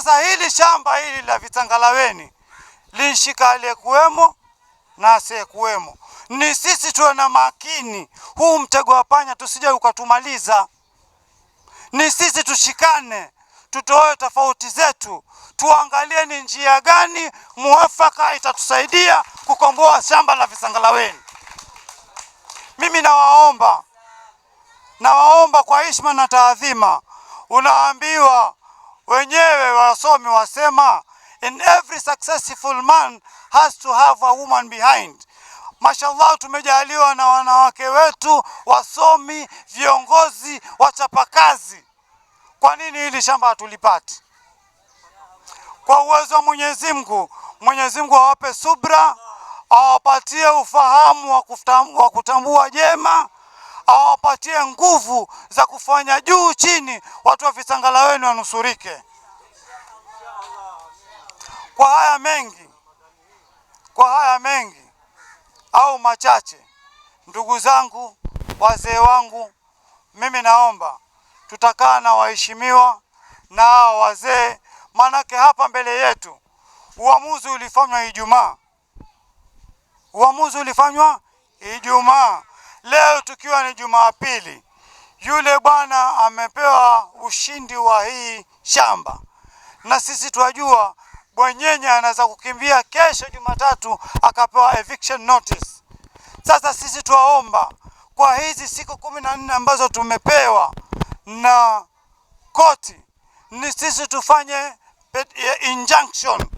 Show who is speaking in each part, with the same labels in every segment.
Speaker 1: Sasa hili shamba hili la vitangalaweni linshika aliyekuwemo na asiyekuwemo, ni sisi tuwe na makini, huu mtego wa panya tusije ukatumaliza. Ni sisi tushikane, tutoe tofauti zetu, tuangalie ni njia gani mwafaka itatusaidia kukomboa shamba la visangalaweni. Mimi nawaomba, nawaomba kwa heshima na taadhima, unaambiwa Wenyewe wasomi wasema in every successful man has to have a woman behind. Mashallah, tumejaliwa na wanawake wetu wasomi, viongozi, wachapakazi. Kwa nini hili shamba hatulipati? Kwa uwezo wa Mwenyezi Mungu, Mwenyezi Mungu awape subra, awapatie ufahamu wa kutambua jema, awapatie nguvu za kufanya juu chini, watu wa Visangala wenu wanusurike. Kwa haya mengi, kwa haya mengi au machache, ndugu zangu, wazee wangu, mimi naomba tutakaa na waheshimiwa na hao wazee, manake hapa mbele yetu uamuzi ulifanywa Ijumaa, uamuzi ulifanywa Ijumaa. Leo tukiwa ni Jumapili, yule bwana amepewa ushindi wa hii shamba, na sisi twajua Bwenyenye anaweza kukimbia kesho Jumatatu akapewa eviction notice. Sasa sisi tuwaomba kwa hizi siku kumi na nne ambazo tumepewa na koti, ni sisi tufanye eh, injunction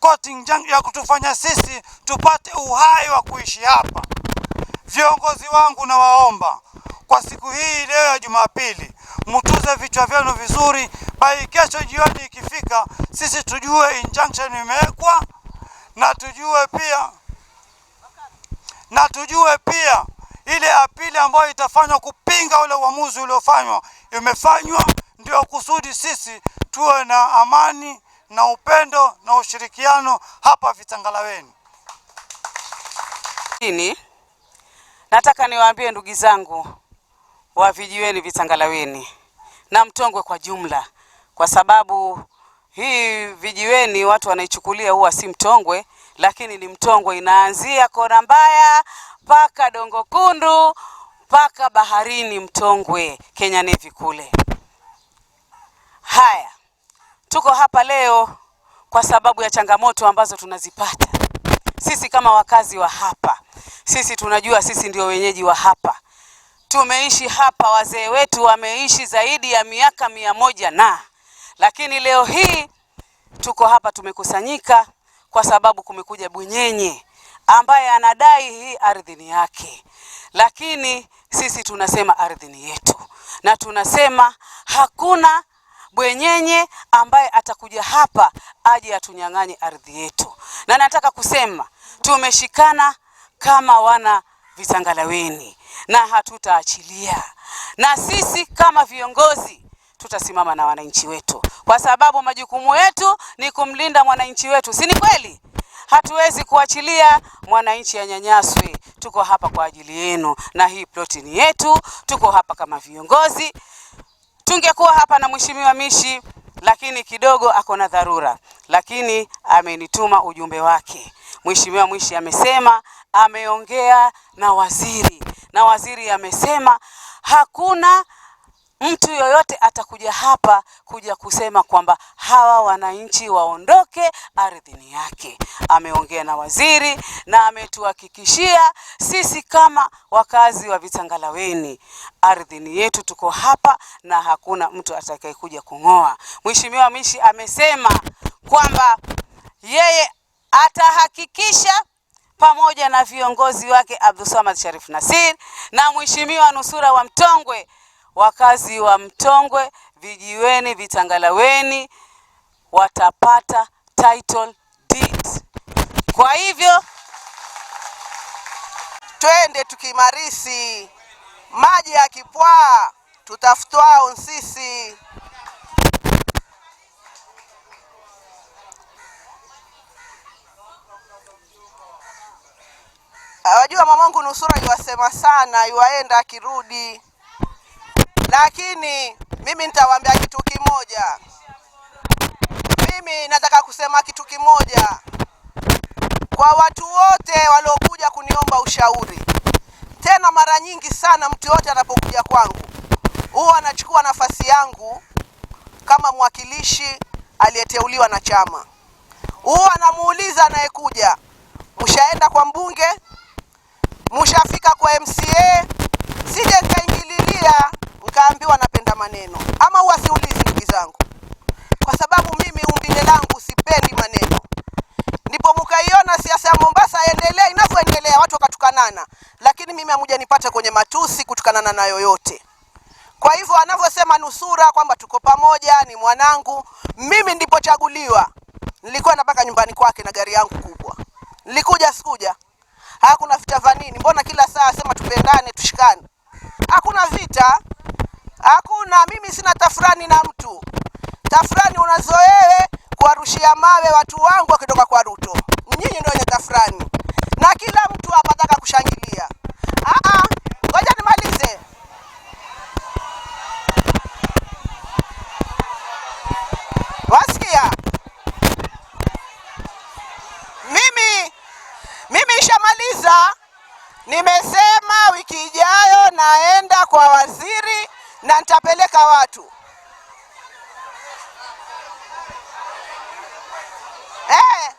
Speaker 1: koti injunction ya kutufanya sisi tupate uhai wa kuishi hapa. Viongozi wangu, nawaomba kwa siku hii leo ya Jumapili, mtuze vichwa vyenu vizuri, bali kesho jioni ikifika, sisi tujue injunction imewekwa na tujue pia na tujue pia ile apili ambayo itafanywa kupinga ule uamuzi uliofanywa imefanywa, ndio kusudi sisi tuwe na amani na upendo na ushirikiano hapa Vitangalaweni.
Speaker 2: Nataka niwaambie ndugu zangu wa vijiweni vitangalaweni na Mtongwe kwa jumla, kwa sababu hii vijiweni watu wanaichukulia huwa si Mtongwe, lakini ni Mtongwe, inaanzia kona mbaya mpaka Dongo Kundu mpaka baharini Mtongwe, Kenya Navy kule. Haya, tuko hapa leo kwa sababu ya changamoto ambazo tunazipata sisi kama wakazi wa hapa. Sisi tunajua sisi ndio wenyeji wa hapa, Tumeishi hapa, wazee wetu wameishi zaidi ya miaka mia moja na lakini leo hii tuko hapa tumekusanyika kwa sababu kumekuja bwenyenye ambaye anadai hii ardhi ni yake, lakini sisi tunasema ardhi ni yetu, na tunasema hakuna bwenyenye ambaye atakuja hapa aje atunyang'anye ardhi yetu. Na nataka kusema tumeshikana kama wana vitangalaweni na hatutaachilia. Na sisi kama viongozi tutasimama na wananchi wetu, kwa sababu majukumu yetu ni kumlinda mwananchi wetu, si ni kweli? Hatuwezi kuachilia mwananchi anyanyaswe. Tuko hapa kwa ajili yenu, na hii ploti ni yetu. Tuko hapa kama viongozi. Tungekuwa hapa na mheshimiwa Mishi, lakini kidogo ako na dharura, lakini amenituma ujumbe wake. Mheshimiwa Mishi amesema ameongea na waziri na waziri amesema hakuna mtu yoyote atakuja hapa kuja kusema kwamba hawa wananchi waondoke ardhini yake. Ameongea na waziri na ametuhakikishia sisi kama wakazi wa Vitangalaweni, ardhini yetu tuko hapa na hakuna mtu atakayekuja kung'oa. Mheshimiwa Mishi amesema kwamba yeye atahakikisha pamoja na viongozi wake Samad Sharif nasir na Mheshimiwa Nusura wa Mtongwe. Wakazi wa Mtongwe, vijiweni, vitangalaweni watapata title deed. Kwa hivyo twende tukimarisi maji ya kipwaa tutafutwao sisi. Mungu Nusura yuwasema sana, yuwaenda akirudi, lakini mimi nitawaambia kitu kimoja. Mimi nataka kusema kitu kimoja kwa watu wote waliokuja kuniomba ushauri. Tena mara nyingi sana, mtu yote anapokuja kwangu huwa anachukua nafasi yangu kama mwakilishi aliyeteuliwa na chama, huwa anamuuliza anayekuja, mshaenda kwa mbunge mshafika kwa MCA, sije nkaingililia nikaambiwa napenda maneno, ama uwasiulizi ndugu zangu, kwa sababu mimi umbile langu sipendi maneno. Ndipo mkaiona siasa ya Mombasa endelea inavyoendelea, watu wakatukanana, lakini mimi hamuja nipata kwenye matusi kutukanana na yoyote. Kwa hivyo anavyosema Nusura kwamba tuko pamoja, ni mwanangu mimi. chaguliwa nilikuwa napaka nyumbani kwake na gari yangu kubwa, nilikuja sikuja hakuna vita vya nini? Mbona kila saa asema tupendane, tushikane? Hakuna vita, hakuna. Mimi sina tafrani na mtu. Tafrani unazowewe kuwarushia mawe watu wangu wakitoka kwa Ruto, nyinyi ndio wenye tafrani, na kila mtu hapa kushangilia nimemaliza. nimesema wiki ijayo naenda kwa waziri na nitapeleka watu eh.